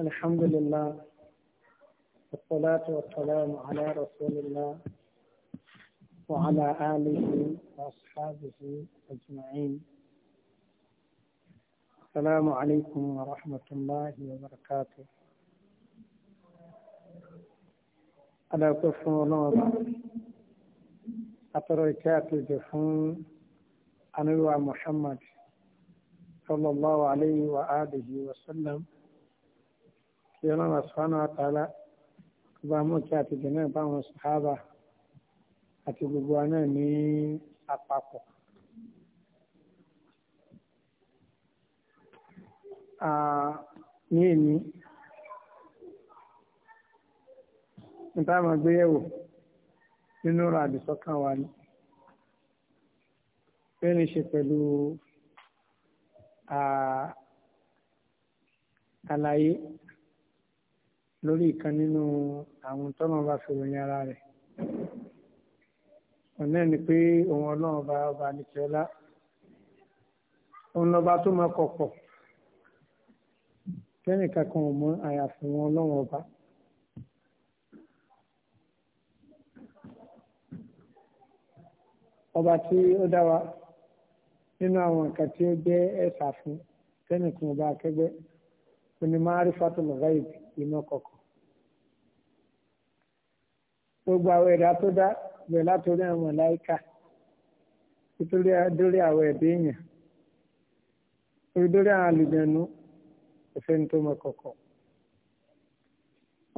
الحمد لله والصلاة والسلام على رسول الله وعلى آله وأصحابه أجمعين السلام عليكم ورحمة الله وبركاته على كفر ونوضع أتركات الجفون أنا محمد صلى الله عليه وآله وسلم kí ọlọ́run àṣùfánà àtàlá tó bá mú kí àtijọ́ náà bá wọn sàhábà àti gbogbo wa náà ní àpapọ̀. ní èmi níta máa gbé yẹ̀wò nínú ọ̀rọ̀ àdìsọ́kàn wa ni bẹ́ẹ̀ ni ṣe pẹ̀lú àlàyé lórí ìkan nínú àwọn tọ́nà bá fèrò ní ara rẹ̀ ọ̀nà ni pé òun ọlọ́run bá ọba nìkẹ́ọ́lá òun lọ́ba tó máa kọ̀pọ̀ kẹ́nìkan kan ò mọ àyàfi wọn ọlọ́run ọba. ọba tí ó dá wa nínú àwọn nǹkan tí ó jẹ́ ẹ̀sà fún kẹ́nìkan ọba akẹgbẹ́ onímọ̀ àrífàtò lọ́gáyìí ìmọ̀ kọ̀ọ̀kan gbogbo àwọn ẹ̀dá tó dá bẹ̀rẹ̀ látòrí àwọn màláíkà nítorí dórí àwọn ẹ̀dá èèyàn torí dórí àwọn àlùjẹ̀nu ẹ̀fẹ́ ní tó mọ kọ̀kọ̀.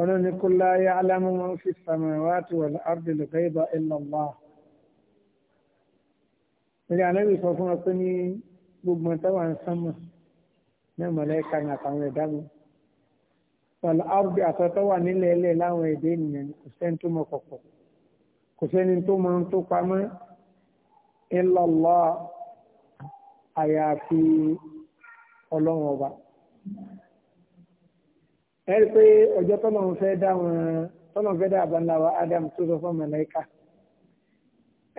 ọlọ́ni kó láyé alámúmọ́ fi samawati wal ardi al-ghayba illa Allah. ìrìn àlẹ́bí sọ fún wa pé ní gbogbo ọ̀tá wà ń sánmọ̀ ní màláíkà ní àtàwọn ẹ̀dá mi wàlá arúgbó àtọ́tọ́ wà nílẹ̀ ẹlẹ́ láwọn èdè ènìyàn kò sẹ́ni tó mọ kọ̀kọ̀ kò sẹ́ni tó mọ tó pamọ́ illallah àyàfi ọlọ́run ọba. ẹ rí i pé ọjọ́ tọ́lọ́run fẹ́ dá wọn tọ́lọ́run fẹ́ dá Adam tó sọ fún màláíkà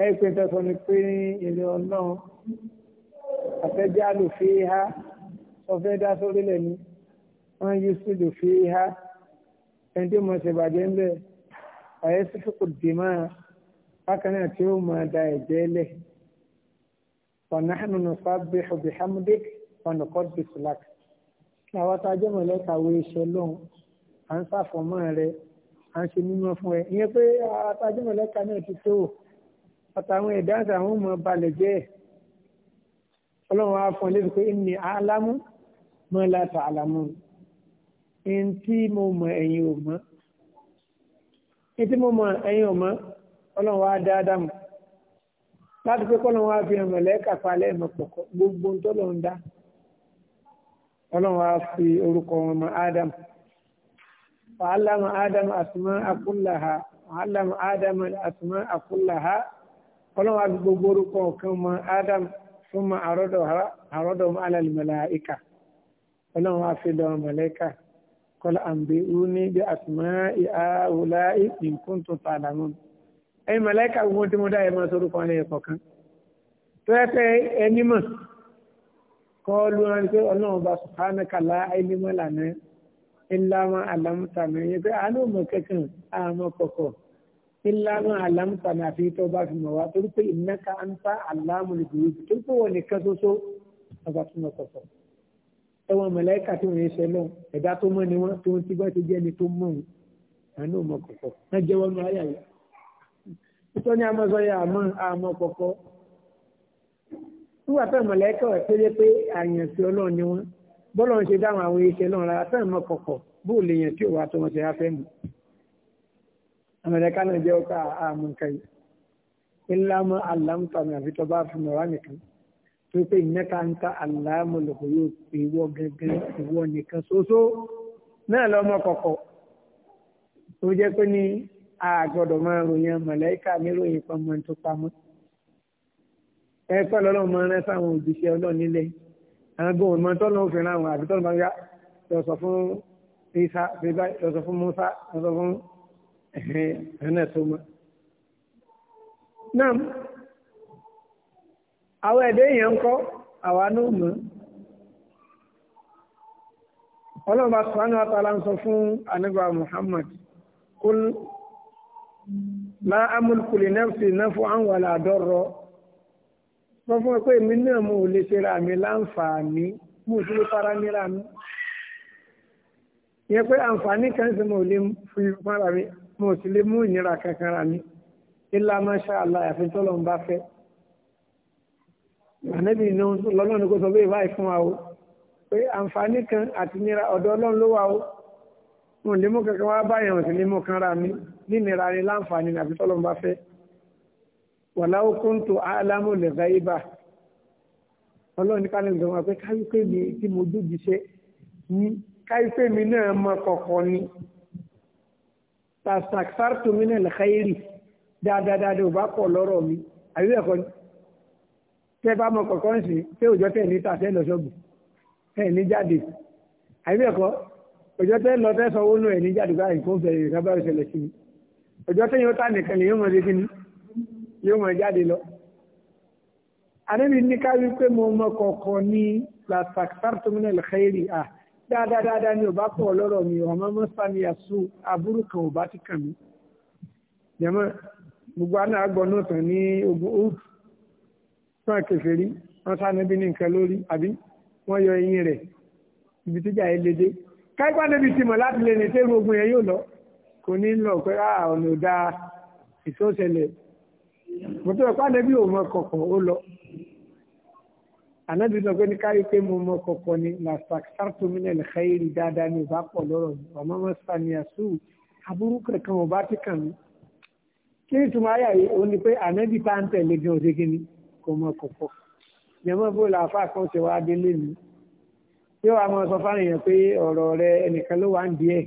ẹ rí i pé tọ́sọ ni pé ilé ọlọ́run àfẹ́jálò fi há sọ fẹ́ dá sórílẹ̀ ni wọ́n yí sílù fi ha ẹni tí mo ṣe bàjẹ́ ń bẹ̀ àyè sífìkù dìímà bákan náà tí ó máa da ẹ̀jẹ̀ lẹ̀ wa nahnu nusabbihu bihamdik wa nuqaddisu lak kí àwọn tá a jẹ́ mọ̀lẹ́ka wo iṣẹ́ lóhun à ń sàfọ̀mọ́ rẹ̀ à ń ṣe mímọ́ fún ẹ ìyẹn pé àtàjẹ́ mọ̀lẹ́ka náà ti tó àtàwọn ìdáǹsì àwọn ọmọ balẹ̀ jẹ́ ọlọ́run á fún ẹ lébìí pé inni a'lamu ma la ta'lamun ẹni tí mo mọ̀ ẹ̀yin ò mọ̀ ẹni tí mo mọ̀ ẹ̀yin ò mọ̀ ọlọ́run wá dáadáa mọ̀ láti pé kọ́lọ́run wa fi ẹ̀mọ̀ lẹ́ẹ̀ka palẹ̀ ẹ̀mọ̀ pọ̀kọ́ gbogbo ń tọ́lọ̀ ń dá ọlọ́run wá fi orúkọ wọn mọ Adam wàhálàmù Adam àtúmọ̀ àkúlàhà wàhálàmù Adam àtúmọ̀ àkúlàhà ọlọ́run wá fi gbogbo orúkọ ọ̀kan mọ Adam fún mọ àrọ́dọ̀ àrọ́dọ̀ mọ́ alàlùmọ̀lá ìkà ọlọ́run wá fi dọ̀ mọ̀lẹ́kà kọ́lá àǹbẹ̀ òní bí àtùmọ́ ìhà òlà ìpínkún tó ta àdàmú. ẹ̀yin màláìka gbogbo tí mo dá ẹ̀ máa sọ orúkọ ọ̀lẹ́ ẹ̀kọ́ kan tó yẹ pé ẹni mọ̀ kọ́ ló rán pé ọlọ́run bá sùpánà kàlá ẹni mọ́ lànà ńláwọ́ àlámùtàmì yẹn pé àánú mọ̀ kẹ́kàn àmọ́ kọ̀kọ̀ ńláwọ́ àlámùtàmì àfi tó bá fi mọ̀ wá torí pé ìnáka ń ta àlámùlùkù yìí torí pé wọ́n nìkan ṣoṣo ọba tó mọ̀ kọ̀kọ̀ ẹwọn mọlẹ́kà tí wọ́n yẹ ṣe lọ́wọ́ ẹ̀dá tó mọ́ ni wọ́n tó ń ti bá ti jẹ́ ni tó mọ̀ wọn àánú ọmọ kọ̀kọ́ wọ́n jẹ́ wọn náà yàyà nítorí ní amọ̀ sọ́yà àmọ́ àmọ́ kọ̀kọ́ nígbà tó mọlẹ́kà tó yẹ pé àyàn sí ọlọ́run ni wọ́n bọ́lọ̀ ń ṣe dáhùn àwọn iṣẹ́ lọ́run rárá tó mọ̀ kọ̀kọ́ bó lè yàn tí òwà tó wọn ṣe afẹ́ mu mọlẹ́kà náà jẹ́ ọkọ̀ àmọ̀ nǹkan yìí ńlá mọ́ àlámùtàmì àfitọ́ bá fún ọ̀rá nìkan tó pé ìnẹ́ka ń ta àlámọ̀lọ́kọ̀ yóò pè wọ́ gẹ́gẹ́ ìwọ nìkan ṣoṣo náà lọ́mọ kọ̀kọ̀ tó jẹ́ pé ní a gbọ́dọ̀ máa ròyìn mọ̀lẹ́kà níròyìn pamọ́ tó pamọ́ ẹ pẹ́ lọ́lọ́run máa rán sáwọn òjíṣẹ́ ọlọ́run nílẹ̀ àwọn gbọ́n mọ́ tọ́lọ́ òfin ráwọn àbí tọ́lọ́ máa ń sọ fún Isa bíbá lọ sọ fún Musa lọ sọ fún ẹ̀hìn ẹ̀hìn náà tó mọ́ àwọn ẹ̀dẹ́ èèyàn ń kọ́ àwa náà mọ̀ ọlọ́mọba sọ́nà àtàlà ń sọ fún anábà Muhammad kul máa amúlùkù lè nẹ́fùsì náà fún àwọn wàlà àdọ́rọ̀ wọ́n fún pé èmi náà mo lè ṣe ra mi láǹfààní mo sì lè fara mi ra mi ìyẹn pé àǹfààní kan sì mo lè fi fara mi mo sì lè mú ìnira kankan ra mi ilá máṣá àfi tọ́lọ́run bá ànábì ní lọ́nà ní kò sọ bẹ́ẹ̀ báyìí fún wa o pé àǹfààní kan àti nira ọ̀dọ̀ ọlọ́run ló wà o wọn lè mú kankan wá báyìí wọn sì lè mú kan ra mi nínira ni láǹfààní àbí tọ́lọ́ bá fẹ́ wàláwó kóńtò álámù lẹ́gbàá ibà ọlọ́run ní kálí ìgbà wọn pé káyọ̀pé mi tí mo dóbi ṣe ní káyọ̀pé mi náà mọ kọ̀kọ̀ ni tàṣàkṣàrtòmínà lẹ́kàá yìí rí ò bá pọ̀ lọ́rọ̀ mi àbí ẹ̀kọ́ ni tẹ́ bá mọ kọ̀kọ́ ń sìn tẹ́ òjọ́ tẹ̀ ní tàṣẹ lọ ṣọ́ọ̀bù ẹ̀ ní jáde àìbẹ̀ kọ́ òjọ́ tẹ́ lọ tẹ́ sanwó nù ẹ̀ ní jáde báyìí kó fẹ́ ìrẹ́bá ìṣẹ̀lẹ̀ sí i òjọ́ tẹ́ yóò tà nìkan lè yóò mọ̀ débi ni yóò mọ̀ jáde lọ. àdébí ní ká pé mo mọ kọ̀kọ́ ní làtàkàtàmínà lẹ́kẹ́rì à dáadáa ni ò bá pọ̀ lọ́rọ̀ mi ọmọ mọ́sánmi àṣù àbúrò kan ò ti kàn mí. jẹ́mọ́ wọ́n kẹfẹ́ rí wọ́n sá níbi ní nǹkan lórí àbí wọ́n yọ eyín rẹ̀ ibi tíjà yẹn lédè káyipá níbi ti mọ̀ láti lè ní tẹ́rù ogun yẹn yóò lọ kò ní lọ pé á ọ̀nà ò dáa ìṣòṣẹlẹ̀ mọ̀tò ẹ̀pá níbi ò mọ ó lọ ànábi sọ pé ní káyí mo mọ kọ̀kọ̀ ni lasak sartominel xeyiri dáadáa ni ìbá pọ̀ lọ́rọ̀ ọmọ mọ́ saniyasu aburú kankan ọba ti kàn mí kí ni tùmọ̀ ayà yìí ó ní pé ànábi tá à ń tẹ̀lé gan òde kò mọ kọ̀kọ̀ jẹ́mọ́ bó la àfa kan ṣe wá délé mi yóò wá máa sọ fáwọn èèyàn pé ọ̀rọ̀ rẹ ẹnìkan ló wà ń díẹ̀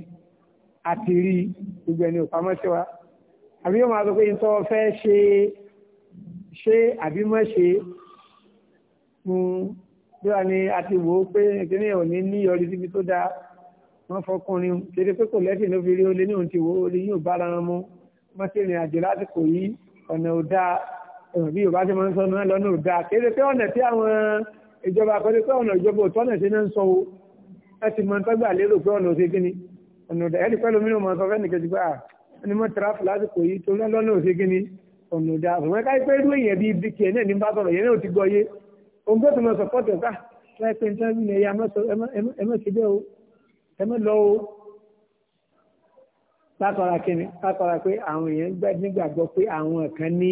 àti rí gbogbo ẹni òpamọ́ sí wa àbí yóò máa sọ pé nǹkan fẹ́ ṣe ṣe àbí mọ́ ṣe bí wàá ní a ti wò ó pé kíní ò ní ní yọrí síbi tó dáa wọ́n fọkùnrin kéde pé kò lẹ́sìn ló fi rí ó ní òun ti wò ó rí yóò bára wọn mú mọ́tò àjò lásìkò yìí ọ̀nà ò dáa ẹ̀mọ̀ bí yorùbá ti máa ń sọ náà lọ́nà òdà kéde pé ọ̀nà tí àwọn ìjọba àkọlé pé ọ̀nà ìjọba òtọ́ ọ̀nà ṣe náà ń sọ o ẹ ti mọ tọ́gbà lérò pé ọ̀nà òṣè kíni ọ̀nà òdà ẹ̀rí pẹ́ lómìnira mọ̀ sọ fẹ́ni kejì pé ẹni mọ́ tìráfù lásìkò yìí tó lọ́nà òṣè kíni ọ̀nà òdà ṣùgbọ́n káyí pé irú èèyàn bíi bíkì ẹ̀ náà ní bá sọ̀rọ̀ yẹn náà ti gbọ́ yé ní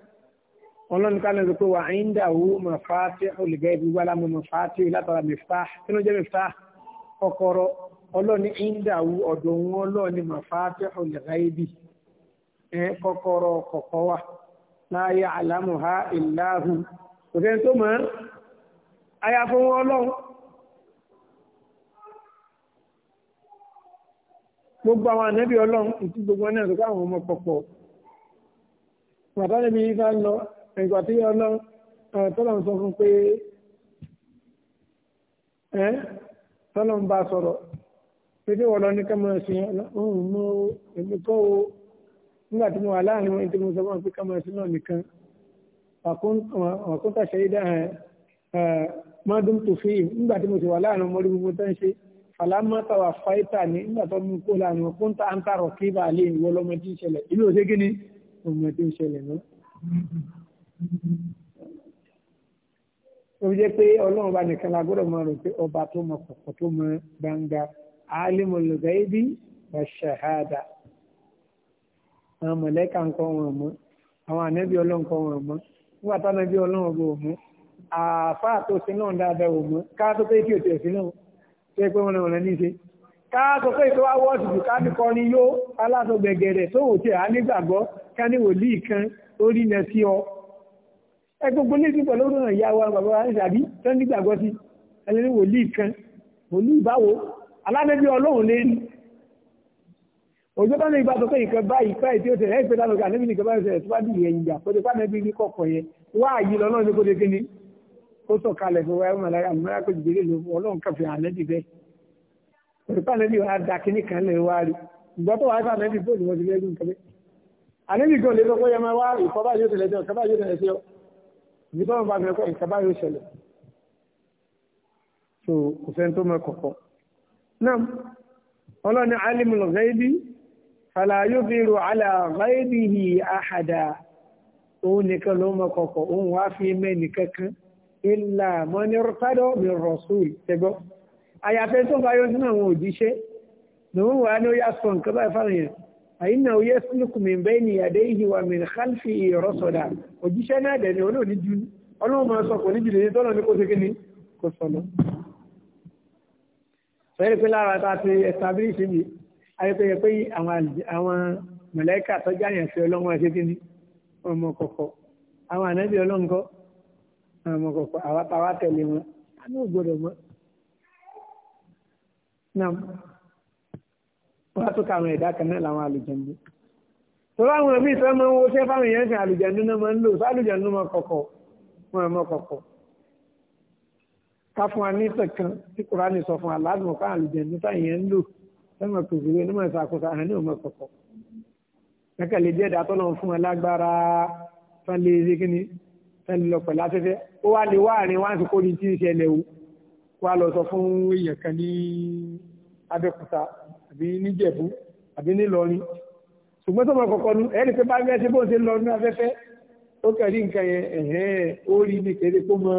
ọlọ́run ká lọ́nà pé wà ń dà wú mọ̀fáàtì olùgbẹ́ ibi wà lámú mọ̀fáàtì látara mẹ́fà kí ló jẹ́ mẹ́fà kọ́kọ́rọ́ ọlọ́run ń dà wú ọ̀dọ̀ wọn ọlọ́run mọ̀fáàtì olùgbẹ́ ibi kọ́kọ́rọ́ kọ̀kọ́ wà láyé àlámù ha ìláhù kò sẹ́ni tó mọ̀ ẹ́ wọn ọlọ́run. gbogbo àwọn ànábì ọlọ́run ìtú gbogbo náà tó káwọn ọmọ pọ̀pọ̀ bàbá níbi yìí lọ ìgbà tí ọlọ́run tọ́lọ̀ ń sọ fún pé ẹ́ tọ́lọ̀ ń bá sọ̀rọ̀ pé kí wọ́n lọ ní kẹ́mọ̀ sí ọ̀hún mú èmi kọ́ o nígbà tí mo wà láàrin wọn tí mo sọ fún wọn pé kẹ́mọ̀ sí náà nìkan àkóńtà ṣe dá ẹ mọ́dún tó fi nígbà tí mo ti wà láàrin ọmọdé gbogbo tó ń ṣe àlámọ́ta wà fáìtà ní nígbà tó mú kó láàrin wọn kóńtà àǹtà rọ̀ kí bàálẹ̀ ìwọlọ́mọdé ń ṣẹlẹ̀ ìlú òṣèkínní ọmọdé ń ṣẹlẹ̀ náà ó jẹ́ pé ọlọ́run bá nìkan la gbọ́dọ̀ máa rò pé ọba tó mọ kọ̀kọ̀ tó mọ gbangba alimul ghaibi wa shahada àwọn mọ̀lẹ́kà ń kọ́ wọn mọ́ àwọn ànẹ́bí ọlọ́run kọ́ wọn mọ́ nígbà táwọn ànẹ́bí ọlọ́run bò mọ́ àáfàá tó sí náà dáadáa wò mọ́ ká tó pé kí o tiẹ̀ sí náà tó pé wọn lọ́wọ́ ní í ṣe ká tó pé tó wá wọ́ọ̀sì jù ká ní kọrin yó aláṣọ tó wò tiẹ̀ á nígbàgbọ́ ká ní wòlíì kan ó rí ẹgbogbo lè dìbò lórí ọ̀nà ìyá wa bàbá wa ìṣàbí tó ń dìgbàgbọ́ sí ẹlẹ́ni wòlíì kan wòlíì báwo alánẹ́bí ọlọ́run lè rí òjò bá ní ìgbà tó pé ìkan bá ìpá ètí ó tẹ̀lé ẹgbẹ́ lánàá ànẹ́bí nìkan bá ṣẹlẹ̀ síwájú ìyẹn ìjà kó tó pánẹ́bí ní kọ̀kọ̀ yẹn wá àyè lọ náà ní kó dékè ní ó sọ kalẹ̀ fún wáyé mọ̀lára àmúra kó jìbìrì lò ọlọ́run kàfẹ́ ànẹ́bí bẹ́ẹ̀ òjò pánẹ́bí wa da kíní kan lè wá rí ìgbà tó wáyé fánẹ́bí bóòlù wọn ti lẹ́gùn kẹ́lẹ́ ànẹ́bí gan lè sọ pé ẹ máa wá ìkọ́ báyìí ó ìdí báwọn bá bẹ̀rẹ̀ kọ́ ìkàbá yóò ṣẹlẹ̀ so kò sẹ́ni tó mọ kọ̀kọ́ náà ọlọ́ni alimul ghaibi fala yudhiru ala ghaibihi ahada òun nìkan ló mọ kọ̀kọ́ òun wá fi mẹ́ni kankan illa man irtada min rasul tẹ́gbọ́ àyàfẹ́ tó bá yọ sínú àwọn òjíṣẹ́ lòun wà ní ó yà sọ nǹkan báyìí fáwọn yẹn àyínà oyè sùlùkùmí bẹ́ẹ̀ ni àdé ìhìwà min khalfi ìrọ́sọ̀dà òjíṣẹ́ náà dẹ̀ ni olóòní ju ọlọ́run máa sọ kò ní jùlọ ní tọ́lọ̀ ní kò sí kíni kò sọ̀nà. sọ́yìn pé lára ta ti ẹ̀sàbíríṣì mi ayẹpẹyẹ pé àwọn mọ̀lẹ́kà tọ́jú àyànfi ọlọ́run àti kíni ọmọ kọ̀kọ̀ àwọn wọ́n á tó ka àwọn ẹ̀dá kan náà làwọn àlùjẹ̀ndú tọ́lá àwọn ẹ̀mí ìtọ́ máa ń wo ṣẹ́ fáwọn èèyàn sìn àlùjẹ̀ndú náà máa ń lò sálùjẹ̀ndú máa kọ̀kọ̀ wọn àmọ́ kọ̀kọ̀ ká fún wa ní sẹ̀kan tí kùránì sọ fún aládùn ọ̀ká àlùjẹ̀ndú táyì yẹn ń lò sẹ́wọ̀n kò sí wé ní mọ̀ ìṣàkóso àhán ni tán lè lọ pẹ̀lú afẹ́fẹ́ ó wá lè wá àbí níjẹ̀bú àbí nílọrin ṣùgbọ́n tó mọ̀ kọ̀ọ̀kan nu ẹni pé bá ń gẹ́sẹ̀ bó ṣe ń lọ ní afẹ́fẹ́ ó kẹ̀rí nǹkan yẹn ẹ̀hẹ́n ó rí ní kéré kó mọ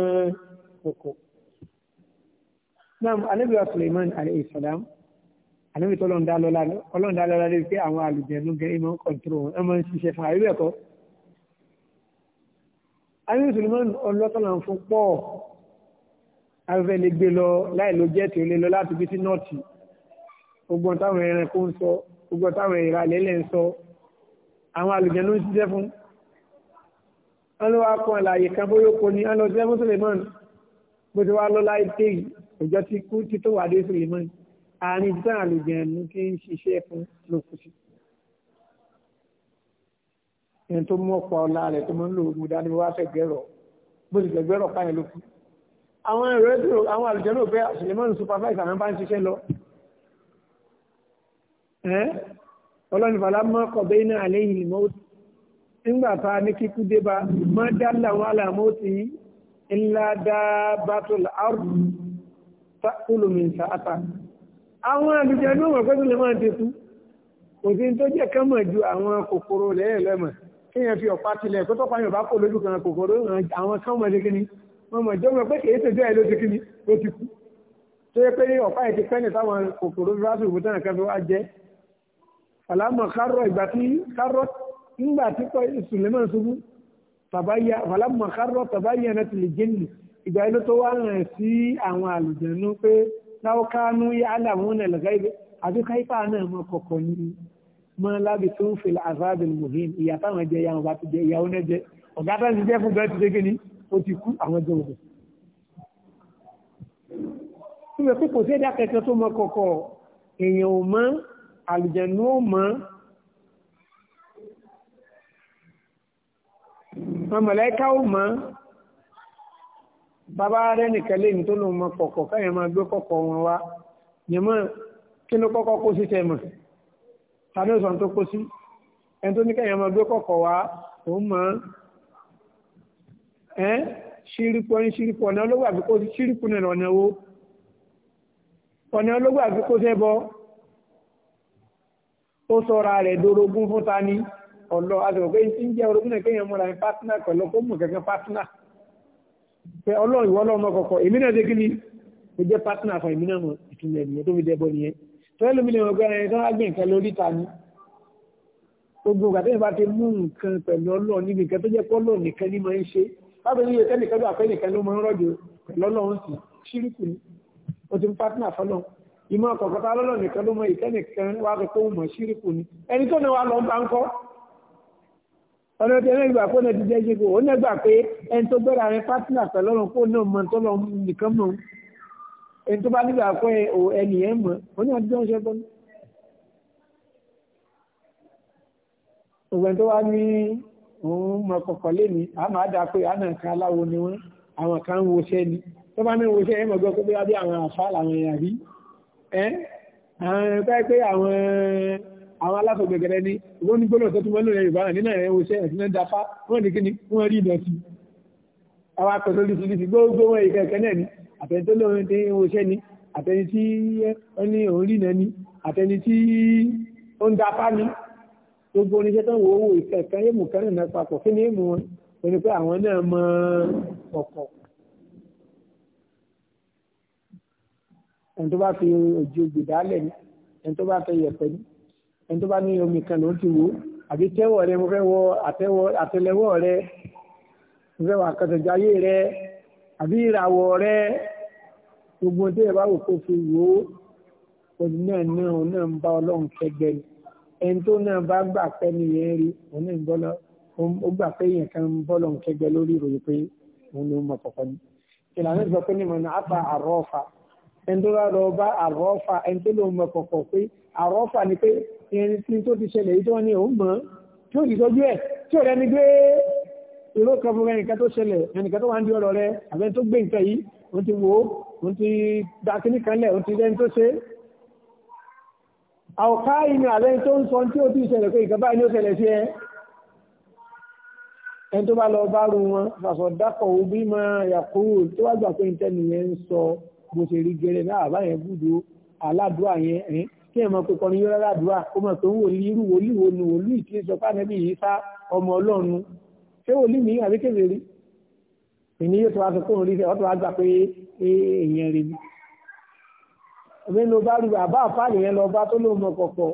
kòkò. náà anábì wa Suleiman alayhi salam anábì tó lọ́n dá lọ́la lé pé àwọn àlùjẹ̀nu gẹ́ ìmọ̀ kọ̀ǹtúrò wọn ẹ̀ máa ń ṣiṣẹ́ fún àríwẹ̀ kọ́. anábì Suleiman ọlọ́tọ̀lá fún pọ̀ afẹ́fẹ́ lè gbé lọ láì ló jẹ́ tí ó lè lọ láti bí sí nọ́ọ̀tì ogbọ́n táwọn ẹranko ń sọ ogbọ́n táwọn ẹ̀yà lẹ́lẹ̀ ń sọ àwọn àlùjẹ́ ló ń ṣiṣẹ́ fún ọlọ́wà kan láàyè kan bóyá oko ni ọlọ́ ṣiṣẹ́ fún Suleiman bó ti wá lọ láì téyì òjò ti kú ti tó wà dé Suleiman àárín títàn àlùjẹ́ ló ti ń ṣiṣẹ́ fún lókù sí. ẹni tó mú ọ̀pọ̀ ọ̀la rẹ̀ tó mọ́ ń lò ó dání wá fẹ́ bó ti gbẹ́gbẹ́rọ̀ káyọ̀ lókù àwọn ẹ̀rọ àwọn àlùjẹ́ bẹ́ Suleiman supervise àwọn bá ń ṣiṣẹ́ lọ ẹ́ ọlọ́ni falamọ́ kọ̀bẹ́ iná àléyìn ìmọ̀ọ́tì nígbà tá a ní kíkú dé bá má dálà wọn àlàmọ́tì ńlá dá bàtúlù àrùn olùmìnira àtà. àwọn àlùjẹ ní òun ọ̀pẹ́ tó lè máa tètú kò sí tó jẹ́ kán mọ̀ ju àwọn kòkòrò lẹ́yìn lẹ́mọ̀ kéèyàn fi ọ̀pá tilẹ̀ kó tọ́pá yóò bá kó lójú kan kòkòrò àwọn kán mọ̀ lékiní wọn mọ̀ jọ́ mọ̀ ẹ̀ ti kíní ló ti kòkòrò fi wá sí wá jẹ́ fàlámọ̀ kárọ̀ ìgbà tí kárọ̀ ńgbà tí Suleiman ṣubú tàbáyà fàlámọ̀ kárọ̀ tàbáyà náà ti lè jẹ́nu ìgbà ilé tó wà rẹ̀ sí àwọn àlùjẹ̀nu pé láwọ́ kánú yá aláwọn ẹ̀lẹ́gá ibi àti káyípa náà mọ kọ̀kọ̀ ní mọ lábi tó ń fèlè azabi muhim ìyá táwọn jẹ ìyá ọba ti jẹ ìyá oní jẹ ọ̀gá tá ti jẹ fún bẹ́ẹ̀ ti dé kíni ó ti kú àwọn jẹ òde. Ìgbà pé kò sí ẹ̀dá kẹ̀kẹ́ tó mọ kọ̀kọ̀ èèyàn ò mọ́ àlùjẹ̀nú ò mọ́ mọ̀mọ̀lẹ́ká ò mọ́ bàbá rẹ̀ nìkan lẹ́yìn tó lòun mọ kọ̀kọ̀ káyọ̀ máa gbé kọ̀kọ̀ wọn wá yẹ̀mọ́ kí ló kọ́kọ́ kó sí tẹ̀mọ̀ tàbí òsàn tó kó sí ẹni tó ní káyọ̀ máa gbé kọ̀kọ̀ wá òun mọ́ ẹ́ ṣírípọ̀ ní ṣírípọ̀ ọ̀nà ológun àbíkó ṣírípù náà ọ̀nà owó ọ̀nà ológun àbíkó sẹ́bọ̀ ó sọ́ra rẹ̀ dorogún fún ta ní ọ̀lọ́ àtẹ̀wọ̀ pé tí ń jẹ́ orogún náà kéèyàn múra ní pátínà pẹ̀lú kó mú kankan pátínà pé ọlọ́run ìwọ ọlọ́run ọkọ̀ọ̀kọ̀ èmi náà dé kíni mo jẹ́ pátínà fún èmi náà mọ̀ ìtumọ̀ ènìyàn tó fi dẹ́bọ nìyẹn tọ́lẹ́ lómi lè wọ́n gbé ẹni tó wá gbé nǹkan lórí ta ní gbogbo ìgbà tẹ́yìn bá ti mú nǹkan pẹ̀lú ọlọ́run níbi nǹkan tó jẹ́ pé ọlọ́run nìkan ìmọ̀ ọ̀kọ̀ọ̀kọ̀ta lọ́lọ́ nìkan ló mọ ìtẹ́nìkan wá sọ pé ó mọ̀ ṣíríkù ni ẹni tó ní wa lọ ń bá ń kọ́ ọ̀nà tí ẹni gbà pé ọ̀nà ti jẹ́ ṣẹ́gun òun náà gbà pé ẹni tó gbẹ́ra rẹ pátínà pẹ̀lú kó náà mọ tó lọ nìkan mọ̀ ẹni tó bá nígbà pé ẹni yẹn mọ̀ òun náà dídán ṣe gbọ́n. ògbẹ́ni tó wá ní òun mọ kọ̀kọ̀ lémi a máa pé àná ni wọ́n àwọn ni tó bá ní woṣẹ́ ẹ̀ mọ̀ gbọ́ pé bí àwọn àṣà làwọn èèyàn rí ẹ́ àwọn ẹ̀kọ́ pé àwọn àwọn aláṣọ gbẹ̀gẹ̀rẹ̀ ni wọ́n ní gbọ́dọ̀ tọ́tún mọ́lò rẹ̀ yorùbá nínú ẹ̀rẹ́ oṣẹ́ ẹ̀sìn náà dápá wọ́n ní kíni wọ́n rí ìdọ̀tí àwọn akọ̀tọ̀ lùsù lùsù gbogbo wọn ìkẹ̀kẹ́ náà ni àtẹni tó lóun ni àtẹni tí wọ́n ní òun rí náà ni àtẹni tí ó ń ni gbogbo oníṣẹ́ tó ń wo owó ìkẹ̀kẹ́ yéèmù kẹrin náà papọ̀ kí ẹni tó bá fi òjò gbèdálẹ̀ ni ẹni tó bá fẹ́ yẹ̀pẹ̀ ni ẹni tó bá ní omi kan ló ti wò àbí tẹ́wọ̀ rẹ mo fẹ́ wọ àtẹ́lẹwọ́ rẹ mo fẹ́ wọ àkàtọ̀jáyé rẹ àbí ìràwọ̀ rẹ gbogbo tí ẹ bá wò kó fi wò ó òun náà náà òun ń bá ọlọ́run kẹgbẹ́ ni ẹni tó náà bá gbà pẹ́ nìyẹn rí òun ń bọ́ ó gbà pé èèyàn kan ń bọ́ lọ́run kẹgbẹ́ lórí ìròyìn pé òun ló mọ̀ kọ̀ọ̀kan ni ìlànà ìgbà pé ní ní àbá àrọ́ ọ̀fà ẹni tó bá lọ bá àrọ́fà ẹni tó lòun mọ̀ kọ̀kọ̀ pé àrọ́fà ni pé irin tí tó ti ṣẹlẹ̀ yìí tó ní òun mọ̀ tí ó ìtọ́jú ẹ̀ tí ò rẹni gbé ìró kan fún ẹnìkan tó ṣẹlẹ̀ ẹnìkan tó wà ń di ọ̀rọ̀ rẹ àbẹ́ tó gbé nǹkan yìí òun ti wò ó òun ti da kíní kan lẹ̀ òun ti rẹni tó ṣe. àwòká ìní àbẹ́ tó ń sọ tí ó ti ṣẹlẹ̀ pé ìkàbá ni ó ṣẹlẹ̀ sí ẹ ẹni tó bá lọ bá rú wọn fàṣọ dákọ̀ òbí máa yàkúrò tó wá gbà pé nǹkan nìyẹn ń sọ bó ṣe rí gẹ́rẹ́ náà àbá yẹn gbúdú aládùá yẹn ẹ̀yìn kí ẹ̀ máa pẹ̀kọ́ ní yọ́rọ́ aládùá ó mọ̀ pé wòlíì irú wòlíì wo nu wòlíì tí sọ pé ànábì yìí sá ọmọ ọlọ́run ṣé wòlíì mi àbí kéde rí ìní yóò tó wá sọ pé òun rí sẹ́ ọ́tọ̀ wá gbà pé èèyàn rí mi. ọ̀bẹ ló bá rí bàbá àfáàlì yẹn lọ bá tó ló mọ kọ̀kọ̀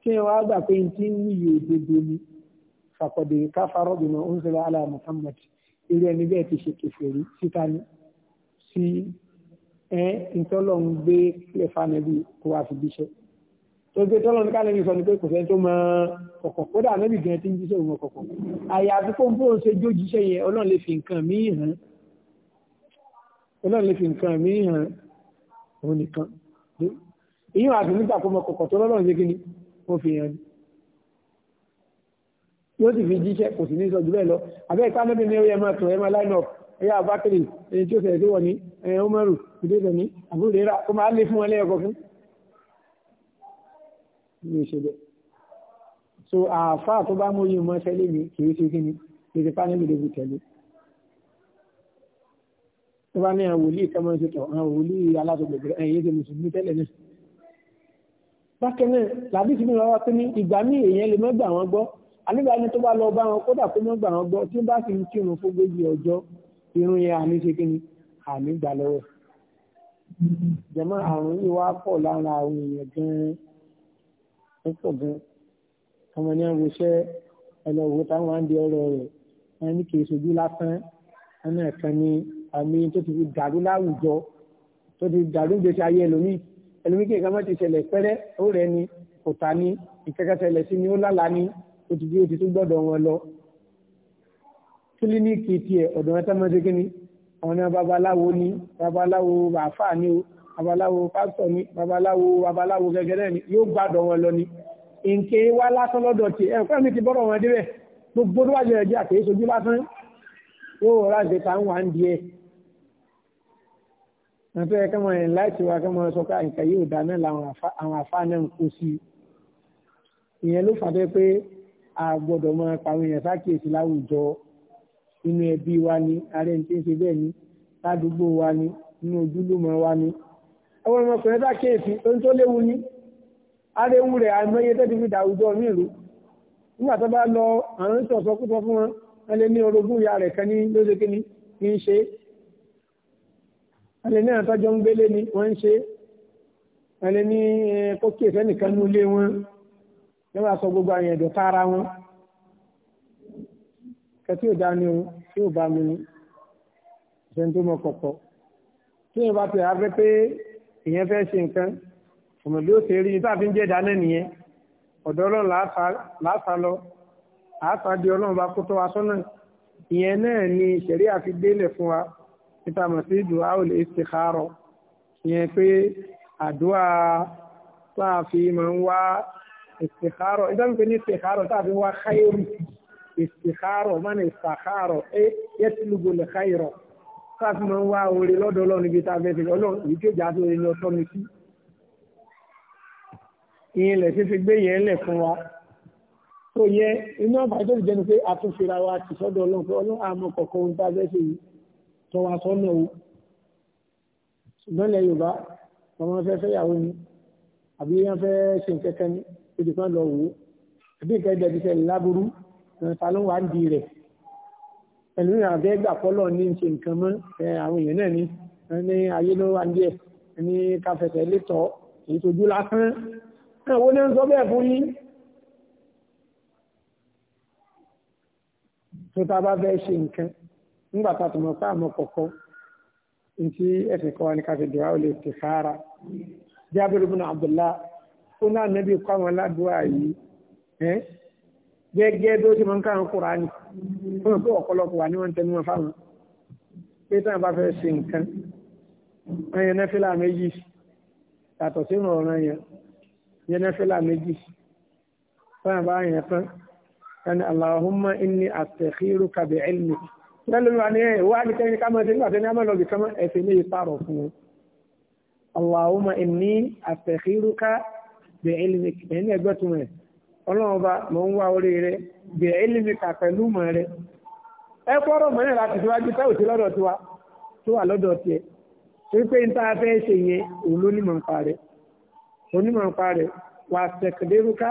kí ẹ wá gbà pé ti ń wí òdodo ni fàkọ̀dé káfárọ̀ bìnà ó ń sọ ala Muhammad irú ẹni bẹ́ẹ̀ ti ṣe kẹfẹ́ rí síta ní sí ẹ ntọ́lọ̀ ń gbé lè fanabi kó wá fi bíṣẹ́ tó gbé tọ́lọ̀ ní kálẹ̀ mi sọ ni pé kò fẹ́ tó mọ kọ̀kọ̀ kódà anábì gan ti ń jíṣẹ́ òun kọ̀kọ̀ àyà àfikún bó ń ṣe jójíṣẹ́ yẹn ọlọ́run lè fi nǹkan míì hàn ọlọ́run lè fi nǹkan míì hàn òun nìkan ìyún àti nígbà kó mọ kọ̀kọ̀ tó lọ́lọ́run ṣe kí ni fi hàn yóò sì fi jíṣẹ́ kò sì ní sọ jù bẹ́ẹ̀ lọ àbẹ́ ìpánẹ́bí ni ó yẹ máa tún ẹ máa line up ẹ̀yà abákìrì ẹni tí ó fẹ̀ẹ́ síwọ̀ ní ẹ̀yà Umaru ìdẹ́sẹ̀ ní àbúrò rà kó máa lé fún wọn lẹ́yọ̀kọ̀ fún. mi ò so àáfàá tó bá mú yìí mọ́ tẹ́lẹ̀ mi kì í ṣe kí ni lè pàánù gbèdégbè tẹ́lẹ̀. tó bá ní àwọn wòlíì kọ́mọ́ ṣe tọ̀ àwọn wòlíì alásọ̀gbẹ̀gbẹ̀ ẹ̀yẹ́ ṣe mùsùlùmí tẹ́lẹ̀ náà. bákan náà làbí ti lọ́wọ́ lè mọ́ gbà ni tó bá lọ bá wọn kódà kó mọ́ gbà wọ́n gbọ́ tí ó bá sì ń kírun irun yẹn àní ṣe kí ni àní gbà lọ́wọ́ jẹmọ́ àrùn yìí wá pọ̀ lára àwọn èèyàn gan-an ó pọ̀ gan-an ọmọ ní àwọn iṣẹ́ ẹlọ́wọ́ táwọn á ń di ọ̀rọ̀ rẹ̀ wọn ní kì í ṣojú lásán wọn náà kan ní àmì tó ti fi dàrú láwùjọ tó ti dàrú gbèsè ayé ẹlòmíì ẹlòmíì kì í kan mọ́ ti ṣẹlẹ̀ pẹ́rẹ́ ó rẹ̀ ni kò ta ni ìkẹ́kẹ́ ṣẹlẹ̀ sí ni ó lálàá ni ó ti di ó ti tún gbọ́dọ̀ wọn lọ kílíníìkì tiẹ̀ ọ̀dọ̀ mẹ́ta mọ́ ṣẹ́gi ni àwọn ní babaláwo ni babaláwo bàfà ni o babaláwo pásítọ̀ ni babaláwo babaláwo gẹ́gẹ́rẹ́ ni yóò gbàdọ̀ wọn lọ ni nke wá lásán lọ́dọ̀ tiẹ̀ ẹ̀kọ́ mi ti bọ́rọ̀ wọn débẹ̀ gbogbo tó wà jẹ́ ẹ̀jẹ̀ àkèyí sojú lásán yóò rọra ṣe ta ń wà ń di ẹ̀ nàtọ́ yẹ kẹ́mọ̀ ẹ̀ láti wá kẹ́mọ̀ sọ pé àyíká yóò dáná làwọn àfa náà ń kó sí ìyẹn ló fà inú ẹbí wa ni ààrẹ ní tí ń ṣe bẹ́ẹ̀ ni ládùúgbò wa ni inú ojúlùmọ̀ wa ni. ọmọ ọmọkùnrin bá kéèsì ohun tó léwu ni aréwu rẹ̀ àìmọye tó ti fi dàwùjọ mí nígbà tó bá lọ àrùn sọ̀sọ́ kútọ́ fún wọn wọn ní orogún ìyá rẹ̀ kan ní lóṣè kínní kí ṣe wọn ní àtọ́jọ́ ń gbélé ni wọ́n ń ṣe wọn lè ní eh, kókè sẹ́nìkan ní ilé wọn lọ́wọ́ aṣọ gbogbo àyẹ̀dọ̀ kára wọn kẹtí ò dání o tí ò bá mi ní ṣe ń tó mọ kọ̀kọ̀ tí èèyàn bá ti rà fẹ́ pé èèyàn fẹ́ ṣe nǹkan ọ̀nà ó ṣe rí tá a fi ń jẹ́ dáná nìyẹn ọ̀dọ̀ ọlọ́run làásà lọ àásà di ọlọ́run bá kó wa sọ́nà ìyẹn náà ni ìṣẹ̀rí àfi gbélé fún wa níta mọ̀ sí ìdùn àwọn olè ṣe kárọ̀ ìyẹn pé àdúrà tá a fi máa ń wá ìṣèkárọ̀ ìjọba pé ní ìṣèkárọ̀ tá a fi ń wá káyọ̀rù ìsìkárọ̀ mọ́nà ìsàkárọ̀ ẹ yẹtìlúgbò lè káyìrọ̀ káfí máa ń wá oore lọ́dọ̀ ọlọ́run ibi tá a fẹ́ fi ọlọ́run èyí kéjì àti oore ni ọtọ́ mi sí. ìyẹn lẹ̀ fífi gbé yẹn lẹ̀ wa tó yẹ inú ọ̀bà tó ti jẹnu pé a tún fira wa ti sọ́dọ̀ ọlọ́run pé ọlọ́run àmọ́ kọ̀ọ̀kan ohun tá a fẹ́ ṣe yìí tọ́ wa sọ́nà o ṣùgbọ́n ilẹ̀ yorùbá ọmọ fẹ́ fẹ́ yàwó ni àbí wọ́n fẹ́ ṣe nǹkan kan ní ìdìkan lọ wò ó àbí nǹkan ìdẹ̀bí ta ló wà ń di rẹ̀ pẹ̀lú ìrìn àbẹ́ gbà pọ́lọ̀ ní ṣe nǹkan mọ́ àwọn èèyàn náà ní ní ayé ló wà ń díẹ̀ ní káfẹsẹ̀ létọ́ èyí tó jú lásán náà wọ́n ní ń sọ bẹ́ẹ̀ fún yín tó tá a bá fẹ́ ṣe nǹkan nígbà tá a tó mọ̀ pé àmọ́ kọ̀ọ̀kan ní tí ẹ̀sìn kan wà ní káfẹ́ dùrá ò lè tẹ̀ sára Jábìrì bin Abdullah ó náà nẹ́bí kọ́ àwọn aládùúgbò yìí gẹ́gẹ́ bí ó ti mọ̀ ń káàkiri Kùránì fún ọ̀pọ̀ ọ̀pọ̀lọpọ̀ wà ní wọ́n tẹnu wọn fáwọn pé tí wọ́n bá fẹ́ ṣe nǹkan wọ́n yẹn nẹ́fílà méjì yàtọ̀ sí ọ̀ràn yẹn yẹn nẹ́fílà méjì fún àbá yẹn tán ẹni Allahumma inni astakhiruka bi ilmi lẹ́nu wa ní ẹ̀ wá ní kẹ́yìn kámọ́ ẹ̀sìn àti ní amọ̀lọ́ Allahumma inni astakhiruka bi ilmi ẹ̀yìn ẹgbẹ́ tó ẹ̀ ọlọ́run ọba mò ń wá orí rẹ bẹ̀rẹ̀ ẹlẹ́mìkà pẹ̀lú mọ̀ rẹ ẹ kọ́rọ̀ mọ́ náà láti síwájú táwọn ti lọ́dọ̀ tiwa tó wà lọ́dọ̀ tiẹ̀ wípé n tá a fẹ́ ṣe yẹn òun ló nímọ̀ nípa rẹ̀ onímọ̀ nípa rẹ̀ wà sẹ̀kẹ̀dẹ́rúkà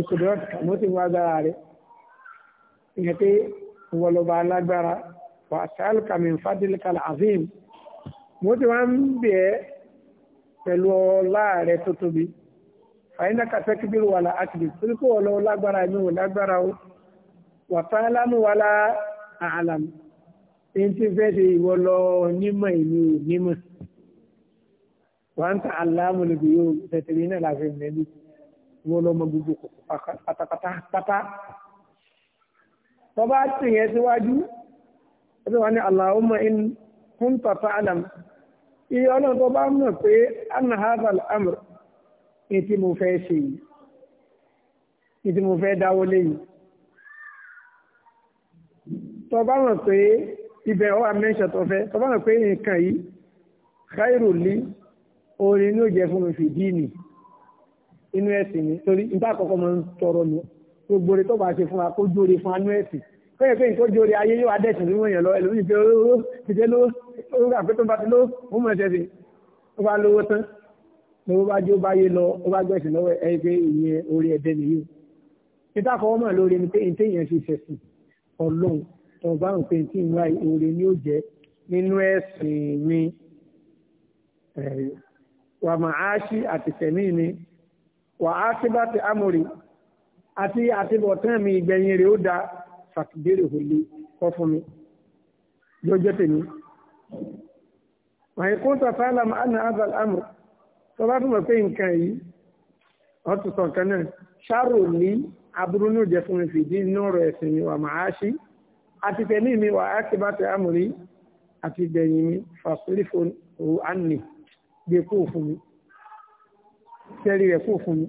ìkòdọ́tìkà mọ́ ti wá gbára rẹ̀ ìyẹn pé ìwọlọ́ba alágbára wà sàálùkà min fadilika al ti wá ń bẹ̀ẹ́ pẹ̀lú ọlá rẹ̀ tó tóbi fàyínàkà tẹ́kíbírù wàlà àkìlì torí kò wọ́n lọ lágbára mi ò lágbára o wà fálámù wàlà àlàmù èyí tí fẹ́ ṣe ìwọ lọ nímọ̀ ìlú nímọ̀ wà ń ta àlámù níbi yóò tẹ̀tẹ̀lé náà láfi mẹ́lú ìwọ lọ mọ gbogbo pátápátá pátá tọ́ba tì yẹn síwájú ẹbí wà ní Allahumma in kunta ta'lam iye ọlọ́run tó bá mọ̀ pé anna hadha al ètí mo fẹ́ ṣe yìí ètí mo fẹ́ dáwọ́ lé yìí tó bá mọ̀ pé ibẹ̀ ọwà mẹ́ṣọ̀ tó fẹ́ tó bá mọ̀ pé nǹkan yìí káìrò lé orin ní òjẹ́ fún mi fìdí nì inú ẹ̀sìn ni torí nípa àkọ́kọ́ máa ń tọrọ nù gbogbo rẹ̀ tó bá ṣe fún wa kó jóore fún anú ẹ̀sìn kọ́yẹ̀ pé nǹkan jóore ayé yóò adẹ́sìn lórí èèyàn lọ ẹlòmíì pé ó ti jẹ́ lówó ó gbà pé tó bá ti lówó ó mọ̀ ẹ̀sẹ̀ sí ó bá lówó tán ní wọ́n bá jó báyé lọ ó bá gbẹ̀sìn lọ́wọ́ ẹgbẹ́ ìyẹn orí ẹ̀dẹ́ nìyí títà fọwọ́ mọ̀ lórí ni pé ntẹ́ yẹn fi ṣẹ̀sìn ọlọ́run tó bá ń pè tí ìwà orí ni ó jẹ́ nínú ẹ̀sìn mi wà máa ṣí àtìsẹ̀mí mi wà á sí bá ti amòrì àti àtibọ̀tán mi ìgbẹ̀yìn rẹ̀ ó da fàkìdérè òlé kọ́ fún mi lójó tèmi. wàyí kó tàfàlà máa ń nà amòrì tó bá tún mọ̀ pé nǹkan yìí wọ́n tún sọ nǹkan náà ṣáàrò ní aburú ní òjẹ́ fún mi fìdí inú ọ̀rọ̀ ẹ̀sìn mi wà máa ṣí àti tẹ̀lé mi wà á ti bá tẹ àmúrí àti gbẹ̀yìn mi fàṣílífò òwò ànì gbé kó fún mi tẹ́rí rẹ̀ kó fún mi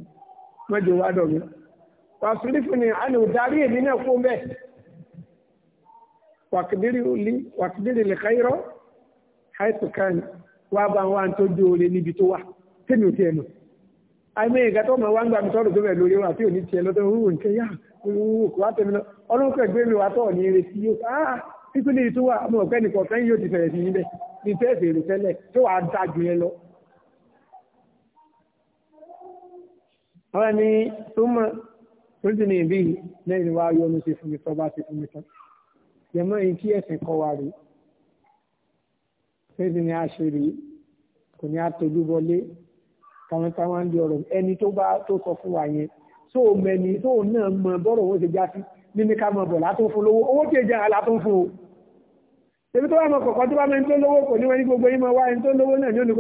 mọ́jọ wá dọ̀ mi fàṣílífò ni ànì ò darí èmi náà kó bẹ́ẹ̀ wàkìdírì lè káyírọ́ háìtùkánì wá bá wà ń tó dóore níbi tó wà tèmi ò tiẹ̀ mọ̀ àìmọ̀ ìgbà tó mọ̀ wá ń gbà mí tọ́lù tó bẹ̀ lórí wa tí ò ní tiẹ̀ lọ́tọ́ owó nǹkan yá owó kò wá tẹ̀mí lọ ọlọ́kọ̀ ẹgbẹ́ mi wá tọ̀ ní retí yóò ká pípínlẹ̀ yìí tó wà ọmọ ọ̀kẹ́ nìkan ọ̀kẹ́ yóò ti fẹ̀rẹ̀ sí níbẹ̀ ní tẹ́ fèrè tẹ́lẹ̀ tó wàá da jù yẹn lọ. ọ̀rẹ́ ni tó mọ̀ oríṣi ní ìbí lẹ́yìn wá yọ ọ́nù ṣe fún mi tán bá ṣe fún mi tán yẹmọ́ yìí kí ẹ̀sìn kọ́ wa rèé kàwọnkàwọn ń di ọ̀rọ̀ ẹni tó bá tó sọ fún wa yẹn tó o mẹ́ni tó o náà mọ bọ́rọ̀ owó ṣe já sí níbi ká mọ bọ̀ látún fún lówó owó tí èjì àlá tó ń fún o. èmi tó bá mọ kọ̀ọ̀kan tó bá mẹ́ni tó lówó kò ní ní gbogbo yín mọ wá ẹni tó lówó náà ní òní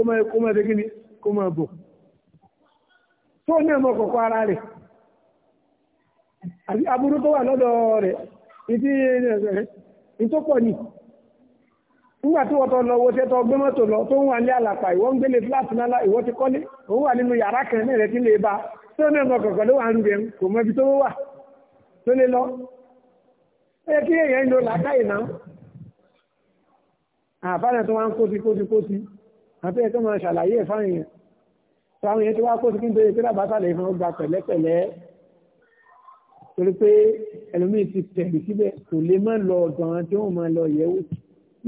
kó mọ nígbà tí wọ́n tọ́ lọ owó tẹ́tọ́ gbé mọ́tò lọ tó ń wà ní àlàpà ìwọ́n ń gbélé fúláàtì náà ìwọ́ ti kọ́lé òun wà nínú yàrá kan náà rẹ̀ tí lè ba tó ní ọmọ kọ̀ọ̀kan ló wà ń rẹ̀ kò mọ ibi tó wà tó lé lọ. ó yẹ kí èèyàn ń lo làákàyè náà. àbálẹ̀ tó máa ń kóti kóti kóti àti ẹ̀ tó máa ṣàlàyé ẹ̀ fáwọn èèyàn. tó àwọn èèyàn ti wá kóti kí n tóye pé làbátàlẹ̀ ìfọ̀n gba pẹ̀lẹ́pẹ̀lẹ́ torí pé ẹlòmíì ti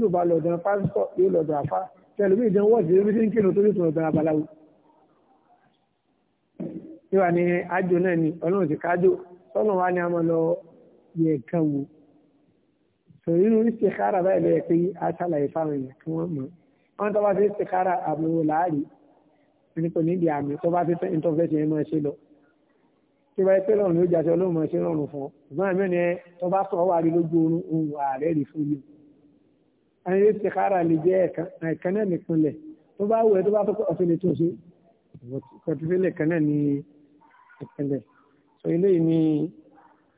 yóò bá lọ́dọ̀ pásítọ̀ yóò lọ́dọ̀ àfá tẹlifí ìjọ wọ́ọ̀dì lórí tí ń kírun tó yóò lọ́dọ̀ abaláwo. yíwa ni àjò náà ni ọlọ́run ti kájò sọ́nà wa ni a máa lọ yẹ kan wò. sọ̀rọ̀ inú istikhara báyìí lọ́yẹ̀ pé a ṣàlàyé fáwọn èèyàn kí wọ́n mọ̀. wọ́n tó bá ti istikhara àmì wò láàrí ẹni kò ní ìdí àmì tó bá ti fẹ́ ìtọ́fẹ́sì yẹn máa ṣe lọ. tí wọ́n pẹ́ lọ́run ló jà ọlọ́run máa ṣe rọrùn fún ọ. ìgbọ́n àmì ẹ̀ tó bá sọ wà lójú oorun òun ààrẹ rí fún yìí àyè istikhara lè jẹ́ ẹ̀ka ẹ̀ka náà nìpínlẹ̀ tó bá wù ẹ́ tó bá tó ọ̀sẹ̀ lè tún ṣe kọ̀tífẹ́lẹ̀ kan náà ní ìpínlẹ̀ so eléyìí ni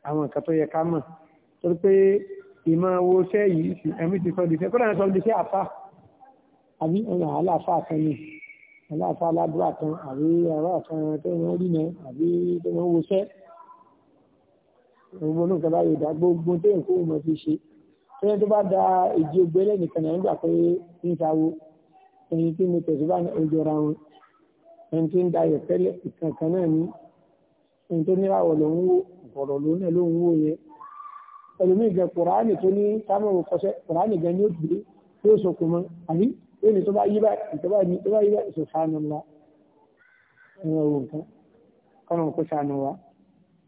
àwọn nǹkan tó yẹ ká mọ̀ torí pé ìmọ̀ owó iṣẹ́ yìí ẹ̀mí ti sọ dìṣẹ́ kódà sọ dìṣẹ́ àfa àbí ọ̀nà aláàfáà kan ni aláàfáà aládùúrà kan àbí ará kan tó wọ́n rí náà àbí tó wọ́n wo iṣẹ́ gbogbo nǹkan báyìí dá gbogbo téèyàn kó mọ̀ ṣe ẹni tó bá da ìjì ògbélé nìkan náà nígbà pé ń sáwó ẹni tí mo tẹ̀sí bá ojọra wọn ẹni tí ń da ìyẹ̀pẹ̀lẹ̀ ìkankan náà ní ẹni tó níwáwọ̀ ló ń wò bọ̀rọ̀ ló náà ló ń wò yẹn ẹlòmíì gan kùránì tó ní sámọ̀rù kọsẹ́ kùránì gan ni ó gbé yóò sọkùn mọ́ àbí yóò ní tó bá yí báyìí tó bá yí báyìí sọ̀fánà ńlá ẹ̀rọ òǹkan kọ́nà kó sànù wa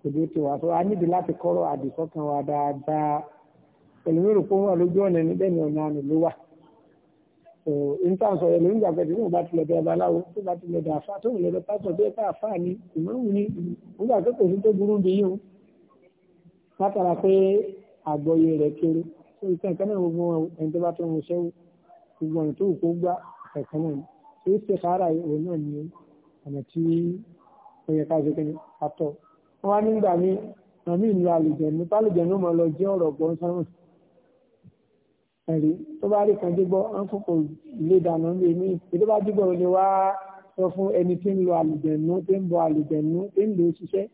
kò dé tiwa so a níbi láti kọ́rọ̀ àdìsọ́kàn wa dáadáa ẹlòmí rò pé wà lójú ọ̀nà ẹni bẹ́ẹ̀ ni ọ̀nà àná ló wà ìtànsọ ẹlòmí gbàgbé tí wọn bá ti lọ́dọ̀ babaláwo tó bá ti lọ́dọ̀ àfa tó lọ́dọ̀ pásọ̀ bẹ́ẹ̀ ká àfa ni ìmọ̀wù ni wọn gbà pé kò sí tó burú bí yìí o látara pé àgbọ̀yé rẹ̀ kéré tó ìtàn ìkan náà gbogbo ẹni tó bá tó ń ṣẹ́wó gbogbo ọ̀nà tó kó gbá ẹ̀kan náà ni tó ṣe kára òun náà ni ni atọ́ wọn wá nígbà míì àmì ìlú àlùjẹ̀nu tálùjẹ̀nu ẹ̀rí tó bá rí kan dígbọ́ ń fòkò ilé ìdáná ń lè mí èdè bá dígbọ́ ni wá sọ fún ẹni tí ń lo àlùjẹ̀nú tí ń bọ àlùjẹ̀nú tí ń lò ó ṣiṣẹ́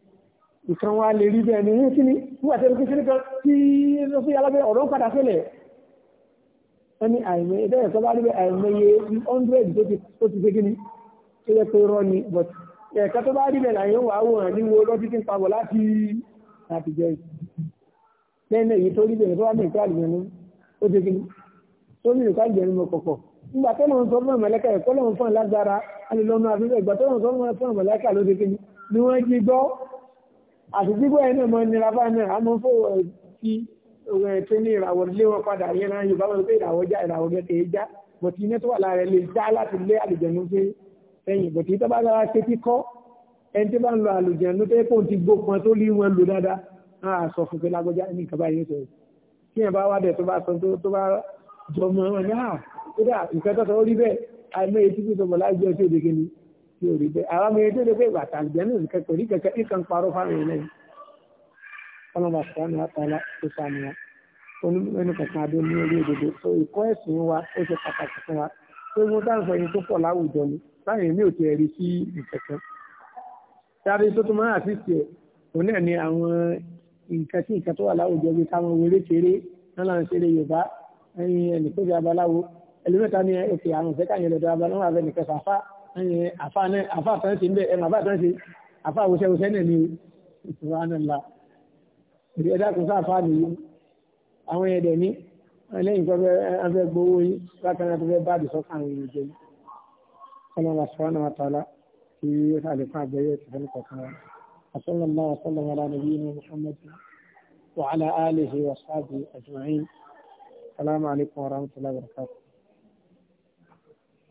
ìkan wa lè rí bẹ́ẹ̀ ni ní kíni fún àti ẹni kíni kan tí ló fi alábẹ́ ọ̀rọ̀ ń padà sílẹ̀ ẹni àìmọ ẹdẹ ẹ̀kọ́ bá rí bẹ́ẹ̀ àìmọye hundred tó ti tó ti ṣe kíni tó yẹ pé rọ ni but ẹ̀ka tó bá rí bẹ́ẹ̀ làyẹn wà á wò hàn nínú olóòtú tí ń pabọ̀ láti láti jẹ́ èyí tó rí bẹ́ẹ̀ tó wá ní ìpẹ́ àlùjẹ̀nú ó ti kí ni sórí ìka ìjẹun mọ kọ̀kọ̀ nígbà tó lọ́n sọ fún àmọ̀lẹ́kà ẹ̀kọ́ lọ́n fún alágbára alìlọ́nà àfihàn ìgbà tó lọ́n sọ fún àmọ̀lẹ́kà ló ti kí ni ni wọ́n jí gbọ́ àti gbígbọ́ ẹ̀ náà mọ nira bá náà àmọ́ fún ti òwe tó ní ìràwọ̀ lé wọn padà yẹn náà Yorùbá wọn pé ìràwọ̀ já ìràwọ̀ gẹ̀ tẹ̀ já bọ̀tí iná tó wà lára lè já láti lé àlùjẹ̀nu sí ẹ̀yìn bọ̀tí tó bá dára ṣe kíkọ́ ẹni tó bá ń lo àlùjẹ̀nu tó yẹ kó ti gbópọn tó lé wọn lò dáadáa á sọ fún pé lágbọ́já ní ìkàbá yìí sọ̀rọ̀ tí ẹ̀ bá wá dẹ̀ tó bá sọ tó bá jọ mọ́ wọn ní àà ah, kódà nǹkan tó sọ ó rí bẹ́ẹ̀ àìmọ́ etí tó sọmọ láì jẹ́ tí ó dégé ni tí ó rí bẹ́ẹ̀ àwọn ọmọ etí ó dé pé bàtà àgbẹ̀ náà nǹkan pẹ̀lú kẹ̀kẹ́ ìkan parọ́ fáwọn èèyàn lẹ́yìn ọlọ́mọ àṣàánú àtàlà tó sànù wa onímọ̀ kankan adé ní orí òdodo so ìkọ́ ẹ̀sìn wa ó ṣe pàtàkì fún wa pé mo dá nǹkan ẹni tó pọ̀ láwùjọ ni báyìí mi ò ti ẹ̀rí sí ìkẹ̀kẹ́ sáré tó tún máa àtìsí òun náà ni àwọn nǹkan tí nǹkan tó wà láwùjọ bíi káwọn wéré kéré náà ń ṣeré yorùbá ẹyin ẹnìkejì abaláwo ẹlòmíta ni òkè àwọn òfẹ́ káyọ̀ lọ́dọ̀ abaláwo àbẹ nìkan sàfà ẹyin àfà náà àfà àtàn ṣe ń bẹ ẹnu àfà àtàn ṣe àfà àwòṣẹwòṣẹ náà ni ìfúnwánilá ẹ̀dá kò sáfà nìyí àwọn ẹ̀dẹ̀ ní lẹ́yìn tó fẹ́ gbowó yín bákan náà tó fẹ́ bá àdìsọ́ káwọn èèyàn jẹ ọlọ́run àṣọ àwọn àtàlà kí وصلى الله وسلم على نبينا محمد وعلى آله وصحبه أجمعين السلام عليكم ورحمة الله وبركاته